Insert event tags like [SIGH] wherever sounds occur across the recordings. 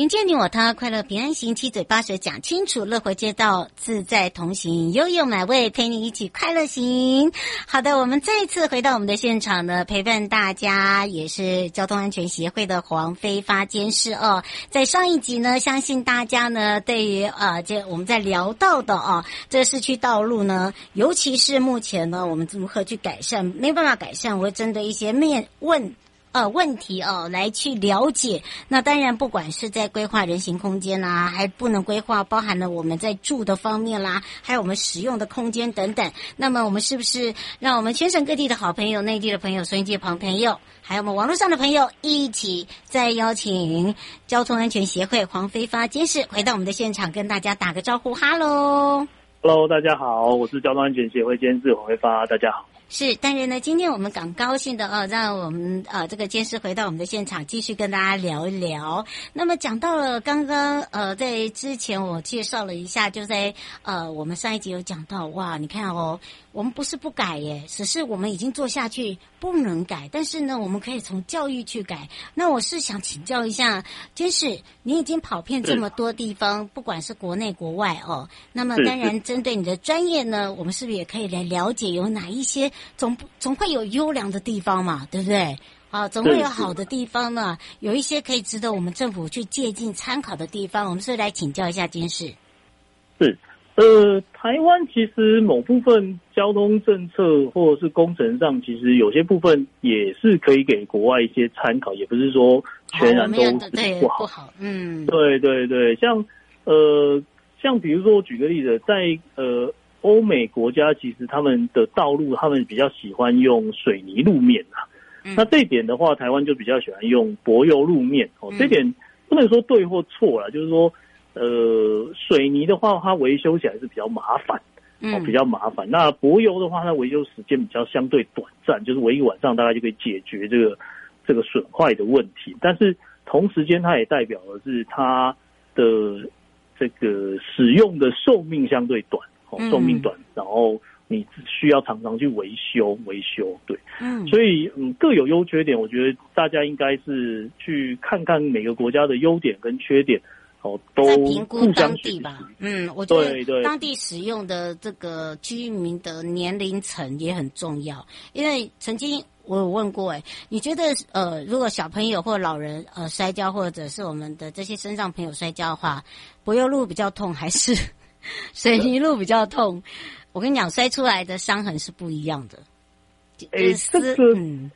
營建你我他快樂平安行，七嘴八舌講清楚，樂活街道自在同行，悠悠美味陪你一起快樂行。好的，我們再一次回到我們的現場呢，陪伴大家也是交通安全協會的黃飛發監事哦。在上一集呢，相信大家呢對於啊這我們在聊到的啊這個市區道路呢，尤其是目前呢我們如何去改善，沒辦法改善，我會針對一些面問。呃，問題哦，來去了解。那當然，不管是在規劃人行空間啦、啊，還不能規劃包含了我們在住的方面啦，還有我們使用的空間等等。那麼，我們是不是讓我們全省各地的好朋友、內地的朋友、孫一介朋友，還有我們網絡上的朋友，一起再邀請交通安全協會黃飛發監事回到我們的現場，跟大家打個招呼，哈嘍，哈嘍，大家好，我是交通安全協會監事黃飛發，大家好。是，但是呢。今天我們很高興的啊、哦，讓我們啊、呃、這個監事回到我們的現場，繼續跟大家聊一聊。那麼講到了剛剛呃，在之前我介紹了一下，就是、在呃我們上一集有講到，哇，你看哦。我們不是不改耶，只是我們已經做下去不能改，但是呢，我們可以從教育去改。那我是想請教一下，監事，你已經跑遍這麼多地方，不管是國內國外哦，那麼當然針對你的專業呢，我們是不是也可以來了解有哪一些總總會有優良的地方嘛，對不對？啊，總會有好的地方呢，有一些可以值得我們政府去借鏡參考的地方，我們是，是來請教一下監事。對呃，台灣其實某部分交通政策或者是工程上，其實有些部分也是可以給國外一些參考，也不是說全然都、啊、不好。嗯，對對對，像呃，像比如說我舉個例子，在呃歐美國家，其實他們的道路他們比較喜歡用水泥路面、啊嗯、那這一點的話，台灣就比較喜歡用柏油路面。哦，這一點不能說對或錯啦、嗯，就是說。呃，水泥的話，它維修起來是比較麻煩、嗯，哦，比較麻煩。那柏油的話，它維修時間比較相對短暫，就是維一晚上大概就可以解決這個這個損壞的問題。但是同時間，它也代表的是它的這個使用的壽命相對短，哦、壽命短，然後你需要常常去維修維修。對，嗯，所以嗯各有優缺點，我覺得大家應該是去看看每個國家的優點跟缺點。好多在評估當地吧，嗯，我覺得當地使用的這個居民的年齡層也很重要。因為曾經我有問過、欸，哎，你覺得呃，如果小朋友或老人呃摔跤，或者是我們的這些身上朋友摔跤的話，柏油路比較痛還是水泥路比較痛？我跟你講，摔出來的傷痕是不一樣的。哎、就是欸，這個，嗯、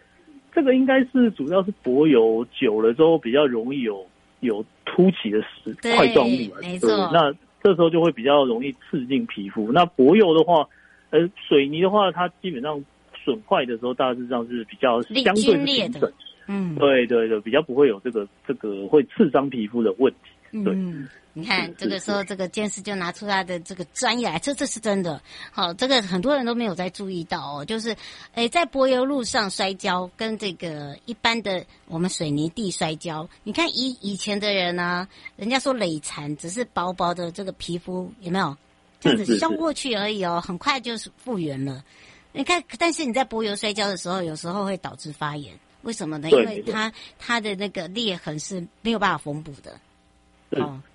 這個應該是主要是柏油久了之後比較容易有有。凸起的石塊狀物，沒錯。那這時候就會比較容易刺進皮膚。那柏油的話，呃，水泥的話，它基本上損壞的時候，大致上是比較相對是平整。嗯對，對對對，比較不會有這個這個會刺傷皮膚的問題。嗯，你看這個時候，這個監事就拿出他的這個專業來，這這是真的。好，這個很多人都沒有在注意到哦，就是，誒，在柏油路上摔跤，跟這個一般的我們水泥地摔跤，你看以以前的人呢、啊，人家說累殘只是薄薄的這個皮膚，有沒有？就是削過去而已哦，很快就復原了。你看，但是你在柏油摔跤的時候，有時候會導致發炎，為什麼呢？因為它它的那個裂痕是沒有辦法縫補的。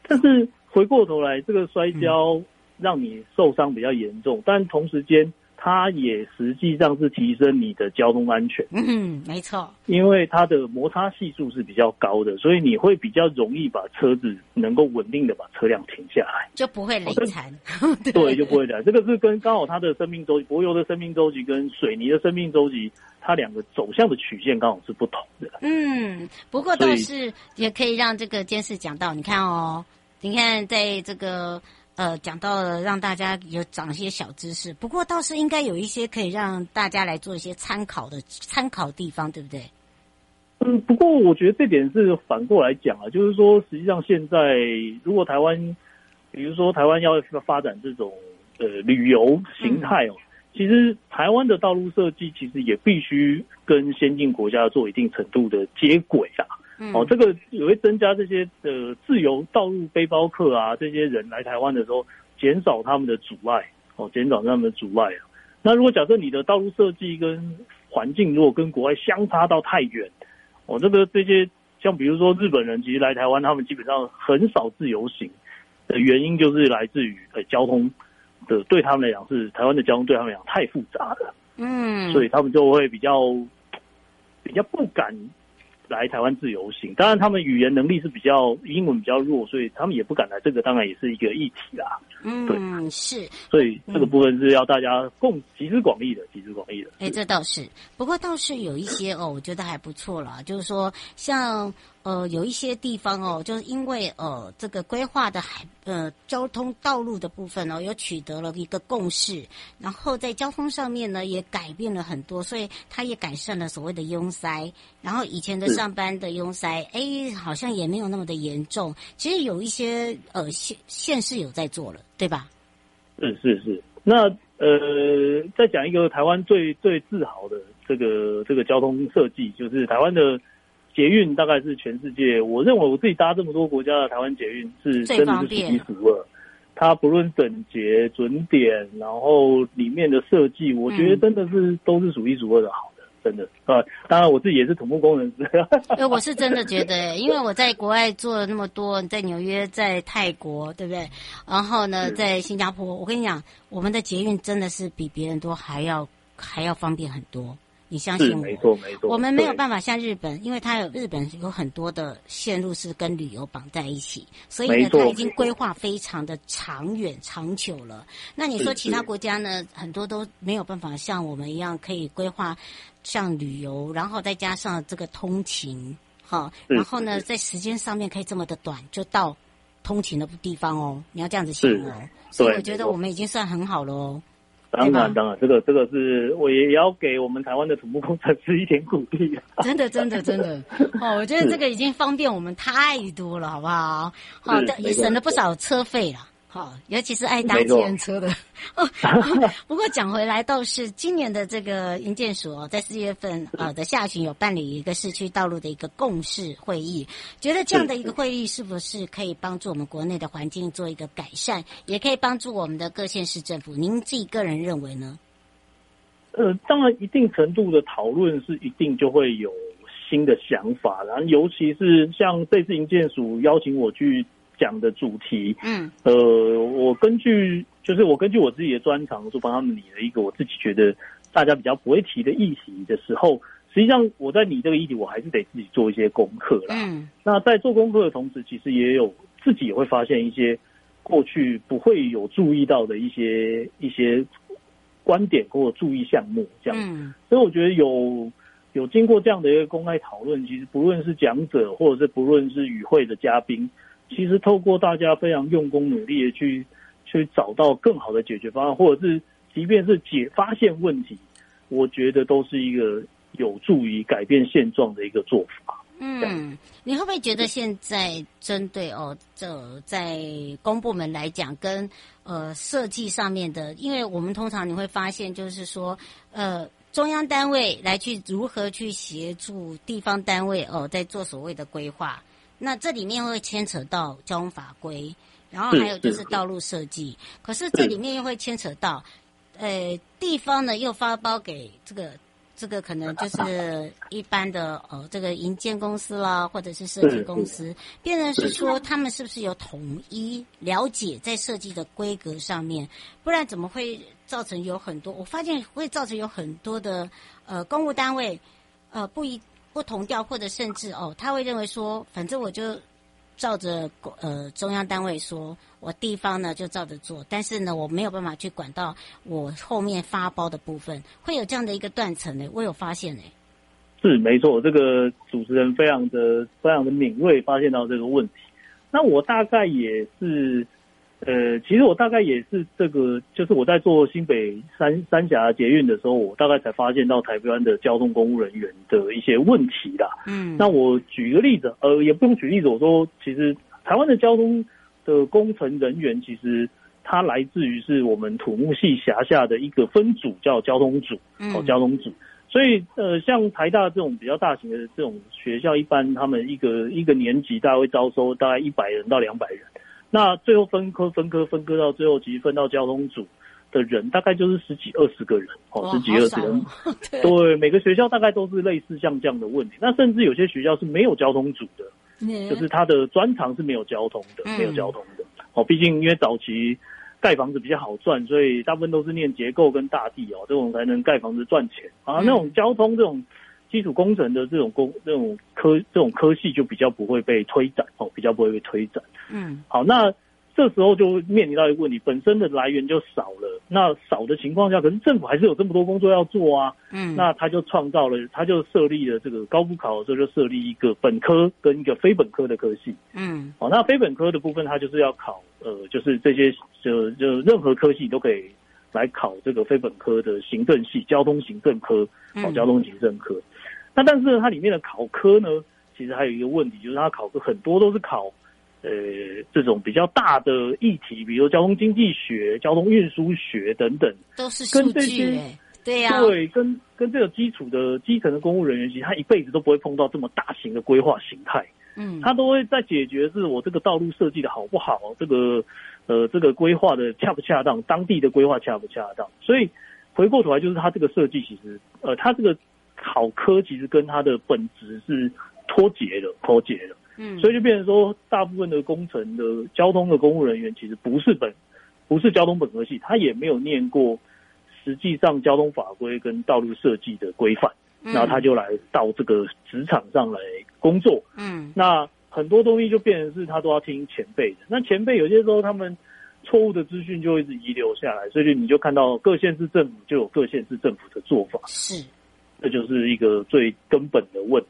但是回過頭來，這個摔跤讓你受傷比較嚴重，但同時間，它也實際上是提升你的交通安全。嗯，沒錯。因為它的摩擦係數是比較高的，所以你會比較容易把車子能夠穩定的把車輛停下來，哦，就不會累殘，哦。對，就不會離。這個是跟剛好它的生命週期，柏油的生命週期跟水泥的生命週期，它兩個走向的曲線剛好是不同的。嗯，不過倒是也可以讓這個監事講到，你看哦，你看在這個。呃，講到了讓大家有長一些小知識，不過倒是應該有一些可以讓大家來做一些參考的參考的地方，對不對？嗯，不過我覺得這點是反過來講啊，就是說，實際上現在如果台灣，比如說台灣要發展這種呃旅遊形態哦、啊嗯，其實台灣的道路設計其實也必須跟先進國家做一定程度的接軌啊。嗯、哦，這個也會增加這些的、呃、自由道路背包客啊，這些人來台灣的時候，減少他們的阻礙，哦，減少他們的阻礙啊。那如果假設你的道路設計跟環境，如果跟國外相差到太遠，哦，這個這些像比如說日本人，其實來台灣，他們基本上很少自由行的原因，就是來自於呃、欸、交通的，對他們來講是台灣的交通對他們來講太複雜了，嗯，所以他們就會比較比較不敢。來台灣自由行，當然他們語言能力是比較英文比較弱，所以他們也不敢來。這個當然也是一個議題啦。嗯，對是，所以這個部分是要大家共、嗯、集思廣益的，集思廣益的。哎、欸，這倒是，不過倒是有一些哦，我覺得還不錯了， [LAUGHS] 就是說像。呃，有一些地方哦，就是因為呃這個規劃的海呃交通道路的部分哦，有取得了一個共識，然後在交通上面呢也改變了很多，所以它也改善了所謂的擁塞，然後以前的上班的擁塞，哎，好像也沒有那麼的嚴重。其實有一些呃縣縣市有在做了，對吧？嗯，是是。那呃，再講一個台灣最最自豪的這個這個交通設計，就是台灣的。捷運大概是全世界，我認為我自己搭這麼多國家的台灣捷運是真的是屬一屬二，最方便的。它不論整潔、準點，然後裡面的設計，我覺得真的是、嗯、都是數一數二的好的，真的。呃、啊，當然我自己也是土木工人、嗯。我是真的覺得、欸， [LAUGHS] 因為我在國外做了那麼多，在紐約、在泰國，對不對？然後呢，在新加坡，我跟你講，我們的捷運真的是比別人都還要還要方便很多。你相信我，我們沒有辦法像日本，因為它有日本有很多的線路是跟旅遊綁在一起，所以呢，它已經規劃非常的長遠長久了。那你說其他國家呢，很多都沒有辦法像我們一樣可以規劃像旅遊，然後再加上這個通勤，哈，然後呢，在時間上面可以這麼的短，就到通勤的地方哦。你要這樣子想哦啊，所以我覺得我們已經算很好了哦。當然，當然，這個這個是我也要給我們台灣的土木工程師一點鼓勵、啊。真的，真的，真的， [LAUGHS] 哦，我覺得這個已經方便我們太多了，好不好？哦，也省了不少車費了。好，尤其是愛搭自行車的 [LAUGHS] 哦，哦。不過講回來都，倒是今年的這個營建署、哦、在四月份的下旬有辦理一個市區道路的一個共識會議。覺得這樣的一個會議，是不是可以幫助我們國內的環境做一個改善，也可以幫助我們的各縣市政府？您自己個人認為呢？呃，當然，一定程度的討論是一定就會有新的想法的，然後尤其是像這次營建署邀請我去。講的主題，嗯，呃，我根據就是我根據我自己的專長，就幫他們擬了一個我自己覺得大家比較不會提的議題的時候，實際上我在擬這個議題，我還是得自己做一些功課啦。嗯，那在做功課的同時，其實也有自己也會發現一些過去不會有注意到的一些一些觀點或者注意項目，這樣。嗯，所以我覺得有有經過這樣的一個公開討論，其實不論是講者或者是不論是與會的嘉賓。其實，透過大家非常用功努力的去去找到更好的解決方案，或者是即便是解發現問題，我覺得都是一個有助於改變現狀的一個做法。嗯，你會不會覺得現在針對哦，這、呃、在公部門來講，跟呃設計上面的，因為我們通常你會發現，就是說，呃，中央單位來去如何去協助地方單位哦、呃，在做所謂的規劃。那這裡面會牽扯到交通法規，然後還有就是道路設計。可是這裡面又會牽扯到，呃，地方呢又發包給這個這個可能就是一般的呃、啊哦、這個營建公司啦，或者是設計公司。變成是說他們是不是有統一了解在設計的規格上面？不然怎麼會造成有很多？我發現會造成有很多的呃公務單位呃不一。不同調，或者甚至哦，他會認為說，反正我就照着呃中央單位說，我地方呢就照着做，但是呢，我沒有辦法去管到我後面發包的部分，會有這樣的一個斷層呢。我有發現哎、欸，是沒錯，這個主持人非常的非常的敏銳，發現到這個問題。那我大概也是。呃，其實我大概也是這個，就是我在做新北三三峽捷運的時候，我大概才發現到台灣的交通公務人員的一些問題啦。嗯，那我舉個例子，呃，也不用舉例子，我說其實台灣的交通的工程人員，其實他來自於是我們土木系轄下的一個分組，叫交通組。嗯，哦，交通組。所以，呃，像台大這種比較大型的這種學校，一般他們一個一個年級大概會招收大概一百人到兩百人。那最後分科、分科、分科到最後，其實分到交通組的人，大概就是十幾、二十個人哦，十幾、二十人。對，每個學校大概都是類似像這樣的問題。那甚至有些學校是沒有交通組的，就是他的專長是沒有交通的，沒有交通的。哦，畢竟因為早期蓋房子比較好賺，所以大部分都是念結構跟大地哦，這種才能蓋房子賺錢啊。那種交通這種。基礎工程的這種工、這種科、這種科系就比較不會被推展哦，比較不會被推展。嗯，好，那這時候就面臨到一個問題，本身的來源就少了。那少的情況下，可是政府還是有這麼多工作要做啊。嗯，那他就創造了，他就設立了這個高普考的時候就設立一個本科跟一個非本科的科系。嗯，好，那非本科的部分，他就是要考呃，就是這些就就任何科系都可以來考這個非本科的行政系、交通行政科、考交通行政科。嗯嗯。那但是它裡面的考科呢，其實還有一個問題，就是它考科很多都是考，呃，這種比較大的議題，比如說交通經濟學、交通運輸學等等，都是跟這些對呀、啊，對，跟跟這個基礎的基層的公務人員，其實他一輩子都不會碰到這麼大型的規劃形態。嗯，他都會在解決是我這個道路設計的好不好，這個呃，這個規劃的恰不恰當，當地的規劃恰不恰當。所以回過頭來，就是他這個設計，其實呃，他這個。考科其實跟他的本質是脫節的，脫節的，嗯，所以就變成說，大部分的工程的交通的公務人員其實不是本，不是交通本科系，他也沒有念過，實際上交通法規跟道路設計的規範，嗯、然後他就來到這個職場上來工作，嗯，那很多東西就變成是他都要聽前輩的，那前輩有些時候他們錯誤的資訊就會一直遺留下來，所以你就看到各縣市政府就有各縣市政府的做法，是、嗯。這就是一個最根本的問題，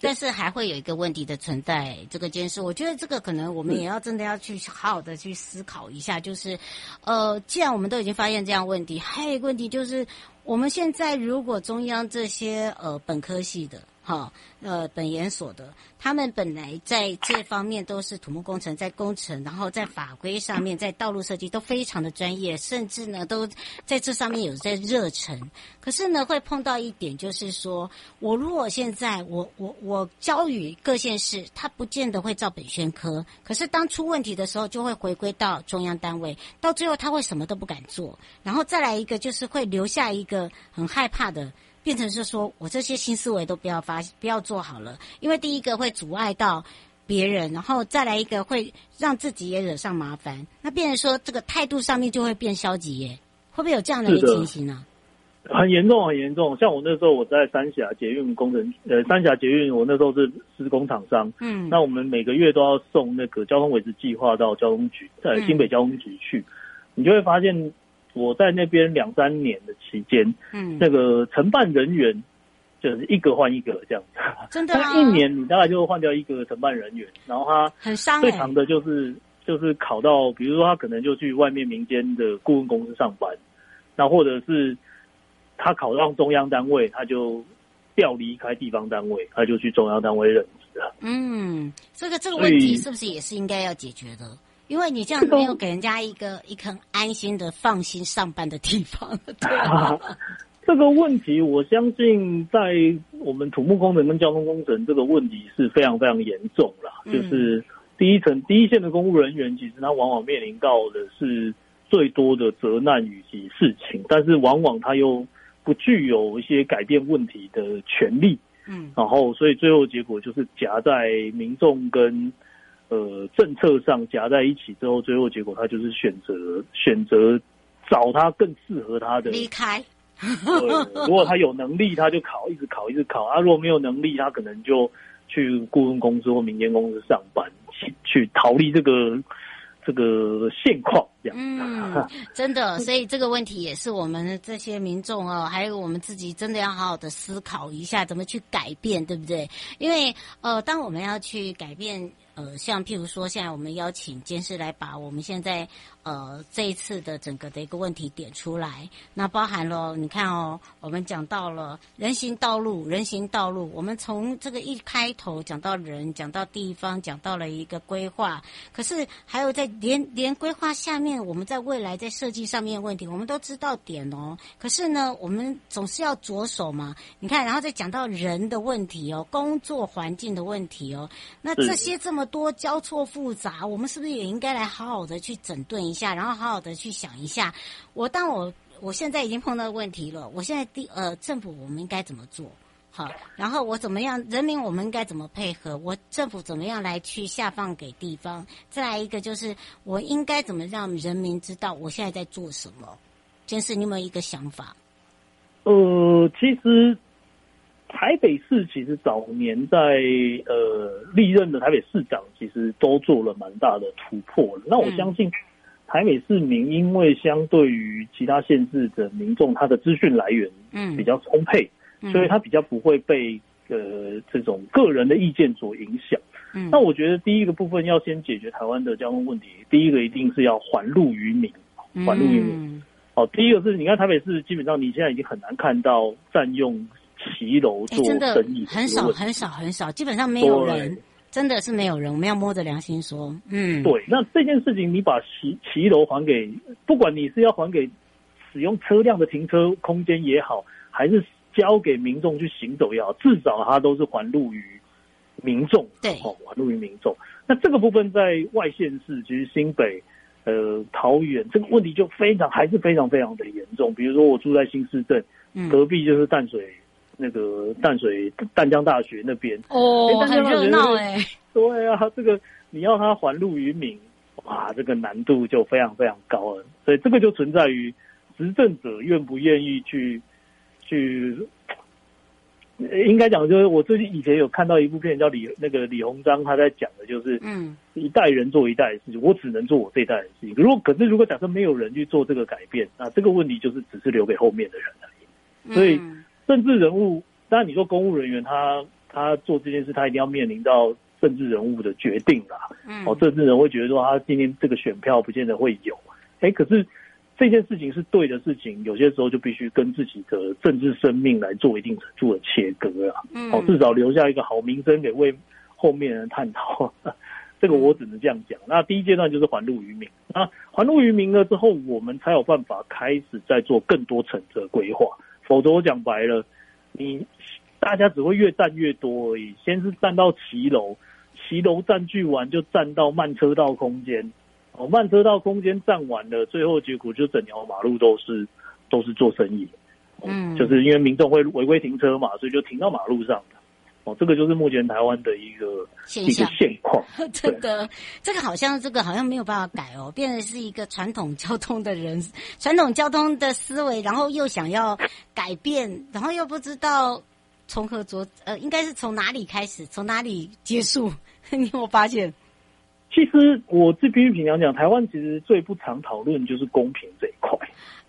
但是還會有一個問題的存在，這個監視，我覺得這個可能我們也要真的要去好好的去思考一下，嗯、就是，呃，既然我們都已經發現這樣問題，還有一個問題就是，我們現在如果中央這些呃本科系的。好、哦，呃，本研所的，他們本來在這方面都是土木工程，在工程，然後在法規上面，在道路設計都非常的專業，甚至呢，都在這上面有在熱忱。可是呢，會碰到一點，就是說我如果現在我我我教育各縣市，他不見得會照本宣科。可是當出問題的時候，就會回歸到中央單位，到最後他會什麼都不敢做。然後再來一個，就是會留下一個很害怕的。變成是說，我這些新思維都不要發，不要做好了，因為第一個會阻礙到別人，然後再來一個會讓自己也惹上麻煩。那變成說這個態度上面就會變消極，耶，會不會有這樣的一個情形呢？很嚴重，很嚴重。像我那時候我在三峽捷運工程，呃，三峽捷運我那時候是施工廠商，嗯，那我們每個月都要送那個交通維持計劃到交通局，在新北交通局去，嗯、你就會發現。我在那邊兩三年的期間，嗯，那個承辦人員就是一個換一個這樣子，真的啊，一年你大概就換掉一個承辦人員，然後他很傷，最常的就是、欸、就是考到，比如說他可能就去外面民間的顧問公司上班，那或者是他考到中央單位，他就調離開地方單位，他就去中央單位任職了。嗯，這個這個問題是不是也是應該要解決的？因為你這樣沒有給人家一個、這個、一個安心的、放心上班的地方。啊、這個問題，我相信在我們土木工程跟交通工程這個問題是非常非常嚴重啦。嗯、就是第一層、第一線的公務人員，其實他往往面臨到的是最多的責難以及事情，但是往往他又不具有一些改變問題的權利。嗯，然後所以最後結果就是夾在民眾跟。呃，政策上夾在一起之後，最後結果他就是選擇選擇找他更適合他的離開、 [LAUGHS] 呃。如果他有能力，他就考，一直考，一直考，他、啊、如果沒有能力，他可能就去顧問公司或民間公司上班，去去逃離這個這個現況。這樣子，嗯，真的，所以這個問題也是我們這些民眾哦， [LAUGHS] 還有我們自己，真的要好好的思考一下，怎麼去改變，對不對？因為呃，當我們要去改變。呃，像譬如說，現在我們邀請監事來把我們現在。呃，這一次的整個的一個問題點出來，那包含了你看哦，我們講到了人行道路，人行道路，我們從這個一開頭講到人，講到地方，講到了一個規劃，可是還有在連連規劃下面，我們在未來在設計上面的問題，我們都知道點哦，可是呢，我們總是要着手嘛，你看，然後再講到人的問題哦，工作環境的問題哦，那這些這麼多交錯複雜，我們是不是也應該來好好的去整頓一下？下，然後好好的去想一下。我當我我現在已經碰到問題了，我現在第呃，政府我們應該怎麼做？好，然後我怎麼樣？人民我們應該怎麼配合？我政府怎麼樣來去下放給地方？再來一個就是，我應該怎麼讓人民知道我現在在做什麼？這是你有沒有一個想法？呃，其實台北市其實早年在呃歷任的台北市長其實都做了蠻大的突破，那我相信、嗯。台北市民因為相對於其他縣市的民眾，他的資訊來源嗯比較充沛，嗯嗯，所以他比較不會被呃這種個人的意見所影響。嗯，那我覺得第一個部分要先解決台灣的交通問題，第一個一定是要還路於民，還路於民。哦，嗯，第一個是你看台北市基本上你現在已經很難看到占用騎樓做生意，欸，很少很少很少，基本上沒有人。真的是沒有人，我們要摸着良心說，嗯，對。那這件事情，你把騎騎樓還給，不管你是要還給使用車輛的停車空間也好，還是交給民眾去行走也好，至少它都是還路於民眾，對，哦、還路於民眾。那這個部分在外縣市，其實新北、呃、桃園這個問題就非常，還是非常非常的嚴重。比如說，我住在新市鎮，隔壁就是淡水。嗯那個淡水淡江大學那邊哦，很熱鬧哎。對啊，這個你要他還路於民，哇，這個難度就非常非常高了。所以這個就存在於執政者願不願意去去。應該講，就是我最近以前有看到一部片，叫李那個李鴻章，他在講的就是，嗯，一代人做一代的事情，我只能做我這一代的事情。如果可是如果假設沒有人去做這個改變，那這個問題就是只是留給後面的人了。所以。嗯政治人物，當然你說公務人員他，他他做這件事，他一定要面臨到政治人物的決定啦。嗯，哦，政治人會覺得說，他今天這個選票不見得會有，誒、欸、可是這件事情是對的事情，有些時候就必須跟自己的政治生命來做一定程度的切割啊。嗯，至少留下一個好名聲給為後面人探討。 [LAUGHS] 這個我只能這樣講、嗯。那第一階段就是還路於民，啊還路於民了之後，我們才有辦法開始在做更多層的規劃。否則我講白了，你，大家只會越站越多而已。先是站到騎樓，騎樓佔據完就站到慢車道空間，哦，慢車道空間占完了，最後結果就整條馬路都是都是做生意，哦。嗯，就是因為民眾會違規停車嘛，所以就停到馬路上。哦，這個就是目前台灣的一個現象、一個現況。這個這個好像這個好像沒有辦法改哦，嗯、變成是一個傳統交通的人，傳統交通的思維，然後又想要改變，然後又不知道從何着，呃，應該是從哪裡開始，從哪裡結束，你有沒有發現？其實我這邊平常講，台灣其實最不常討論就是公平這一塊。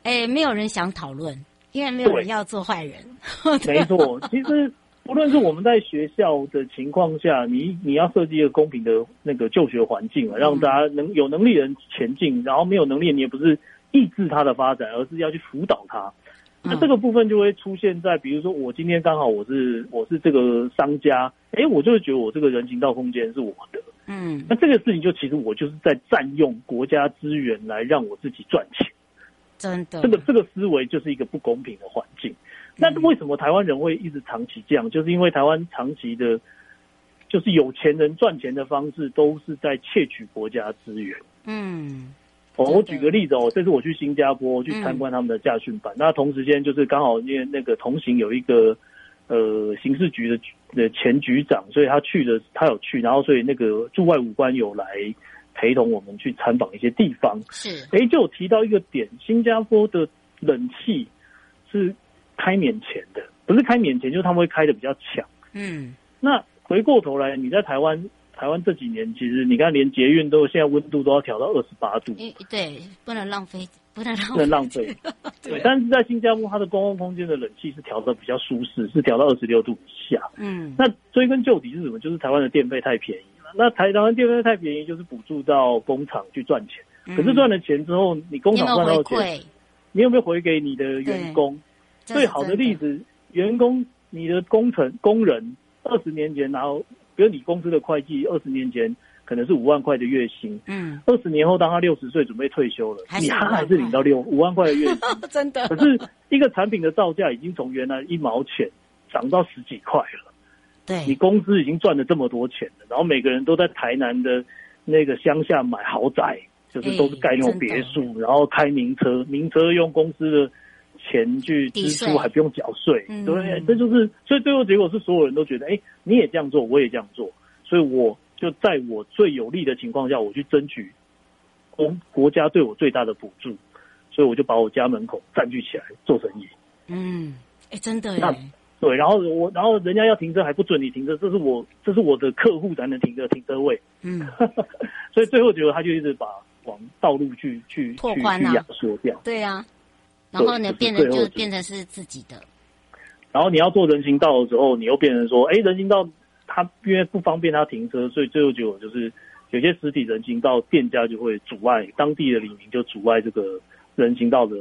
哎、欸，沒有人想討論，因為沒有人要做壞人。 [LAUGHS] 沒錯，其實。不論是我們在學校的情況下，你你要設計一個公平的那個就學環境啊，讓大家能有能力的人前進，然後沒有能力，你也不是抑制他的發展，而是要去輔導他。那這個部分就會出現在，比如說我今天剛好我是我是這個商家，哎、欸，我就會覺得我這個人行道空間是我的。嗯，那這個事情就其實我就是在占用國家資源來讓我自己賺錢，真的，這個這個思維就是一個不公平的環境。那為什麼台灣人會一直長期這樣？嗯、就是因為台灣長期的，就是有錢人賺錢的方式都是在竊取國家資源。嗯，我、哦、我舉個例子哦、嗯，這次我去新加坡去參觀他們的駕訓班、嗯，那同時間就是剛好因為那個同行有一個呃刑事局的前局長，所以他去的他有去，然後所以那個駐外武官有來陪同我們去參訪一些地方。是，哎、欸，就有提到一個點，新加坡的冷氣是開免錢的，不是開免錢，就是他們會開的比較強。嗯，那回過頭來，你在台灣，台灣這幾年其實你看連捷運都現在溫度都要調到二十八度，欸，對，不能浪費，不能浪費，不能浪費，對，但是在新加坡，它的公共空間的冷氣是調得比較舒適，是調到二十六度以下。嗯，那追根究底是什麼？就是台灣的電費太便宜了。那台台灣電費太便宜，就是補助到工廠去賺錢，嗯。可是賺了錢之後，你工廠賺到錢你有有，你有沒有回給你的員工？最、就是、好的例子，員工，你的工程工人二十年前，然後比如你公司的會計，二十年前可能是五萬塊的月薪，嗯，二十年後當他六十歲準備退休了，你他還是領到六五萬塊的月薪， [LAUGHS] 真的。可是一個產品的造價已經從原來一毛錢漲到十幾塊了，對，你公司已經賺了這麼多錢了，然後每個人都在台南的那個鄉下買豪宅，就是都是蓋那種別墅、欸，然後開名車，名車用公司的。錢去支出還不用繳稅，嗯，對不對，這、嗯、就是，所以最後結果是所有人都覺得，哎，你也這樣做，我也這樣做，所以我就在我最有利的情況下，我去爭取國國家對我最大的補助，所以我就把我家門口佔據起來做生意。嗯，哎，真的耶那，對，然後我然後人家要停車還不准你停車，這是我這是我的客戶才能停車停車位。嗯， [LAUGHS] 所以最後結果他就一直把往道路去去去、拓寬啊，去壓縮掉，對呀、啊。然後你變得就變成是自己的。然後你要做人行道的時候，你又變成說：哎，人行道它因為不方便，它停車，所以最後結果就是有些實體人行道店家就會阻礙當地的里民，就阻礙這個人行道的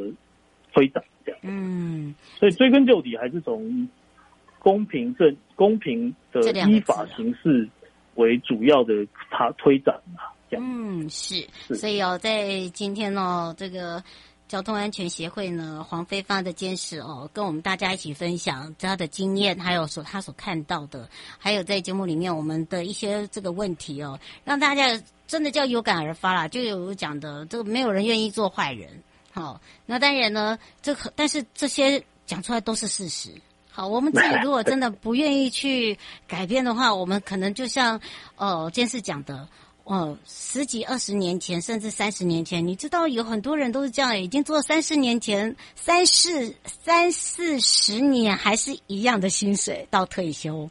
推展這樣。嗯，所以追根究底還是從公平正、公平的依法行事為主要的它推展嘛，這樣。嗯，是，是，所以哦，在今天哦，這個。交通安全協會呢，黃飛發的監事哦，跟我們大家一起分享他的經驗，還有他所他所看到的，還有在節目裡面我們的一些這個問題哦，讓大家真的叫有感而發啦。就有講的這個沒有人願意做壞人，好、哦，那當然呢，這可但是這些講出來都是事實。好，我們自己如果真的不願意去改變的話，我們可能就像哦，監事講的。哦，十幾、二十年前，甚至三十年前，你知道有很多人都是這樣，已經做三十年前三四三四十年，還是一樣的薪水到退休。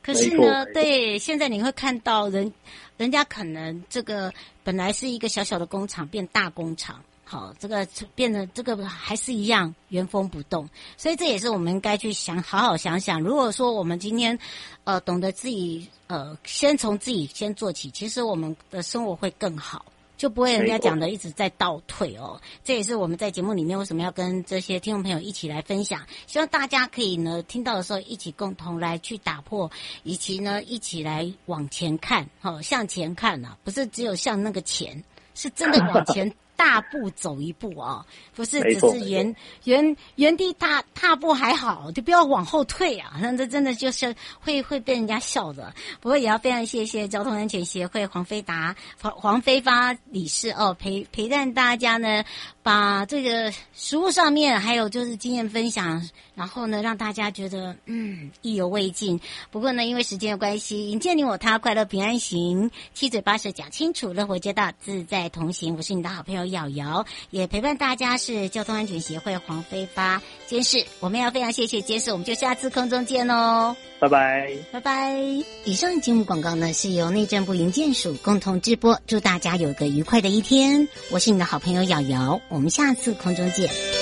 可是呢，沒錯，對。現在你會看到人，人家可能這個本來是一個小小的工廠，變大工廠。好，這個變得，這個還是一樣原封不動，所以這也是我們應該去想，好好想想。如果說我們今天，呃，懂得自己，呃，先從自己先做起，其實我們的生活會更好，就不會人家講的一直在倒退哦。Hey, oh. 這也是我們在節目裡面為什麼要跟這些聽眾朋友一起來分享，希望大家可以呢聽到的時候一起共同來去打破，以及呢一起來往前看，哈、哦，向前看啊，不是只有向那個錢，是真的往前。 [LAUGHS] 大步走一步啊、哦，不是只是原原原地大踏，踏步還好，就不要往後退啊！那這真的就是會會被人家笑的。不過也要非常謝謝交通安全協會黃飛達黃黃飛發理事哦，陪陪伴大家呢，把這個實務上面還有就是經驗分享，然後呢讓大家覺得嗯意猶未盡。不過呢，因為時間的關係，營建你我他快樂平安行，七嘴八舌講清楚，樂活街道自在同行，我是你的好朋友。瑤瑤也陪伴大家，是交通安全協會黃飛發監事。我們要非常謝謝監事，我們就下次空中見哦，拜拜拜拜。以上節目廣告呢是由內政部營建署共同直播，祝大家有個愉快的一天。我是你的好朋友瑤瑤，我們下次空中見。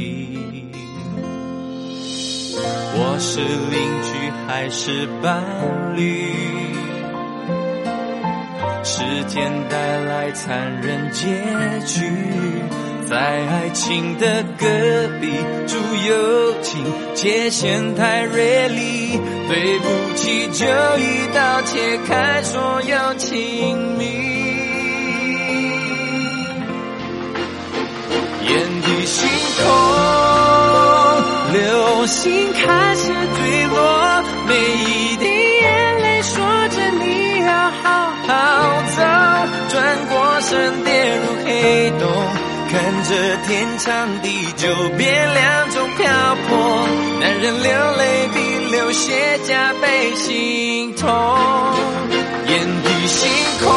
你，我是鄰居還是伴侶？時間帶來殘忍結局，在愛情的隔壁住友情，界限太銳利，對不起，就一刀切開所有親密，眼底心。空、oh，流星開始墜落，每一滴眼淚說着你要好好走，轉過身跌入黑洞，看着天長地久變兩種漂泊，男人流淚比流血加倍心痛，眼底星空，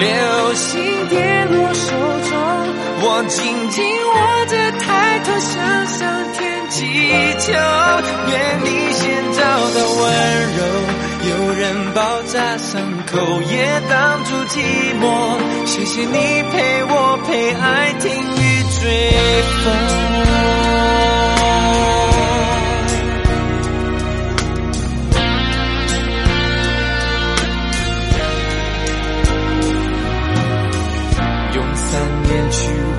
流星跌落手中。我緊緊握着，抬頭向上天祈求，願你先找到溫柔，有人包紮傷口，也擋住寂寞。謝謝你陪我，陪愛聽雨追風。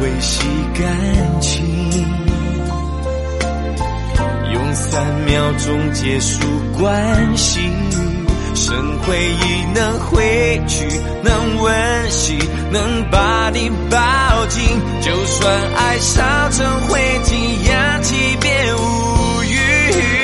維繫感情，用三秒鐘結束關係。剩回憶能回去，能溫習，能把你抱緊。就算愛燒成灰燼，氧氣別無語。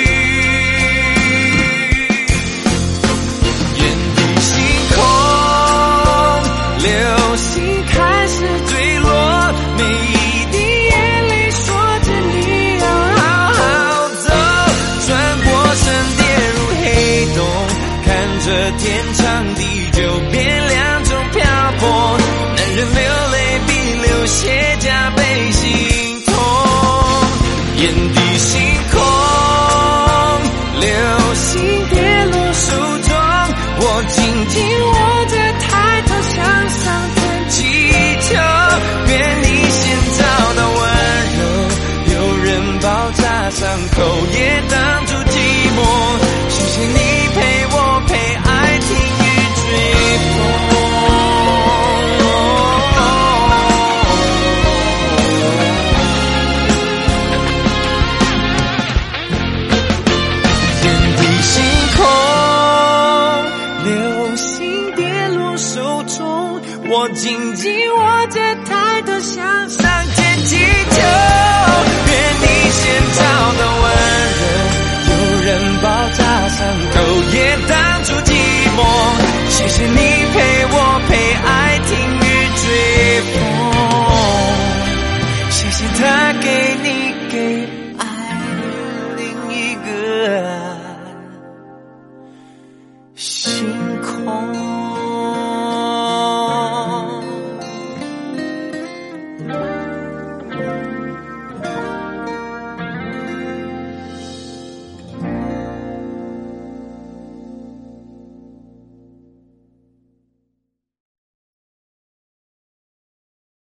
緊緊握着太多相信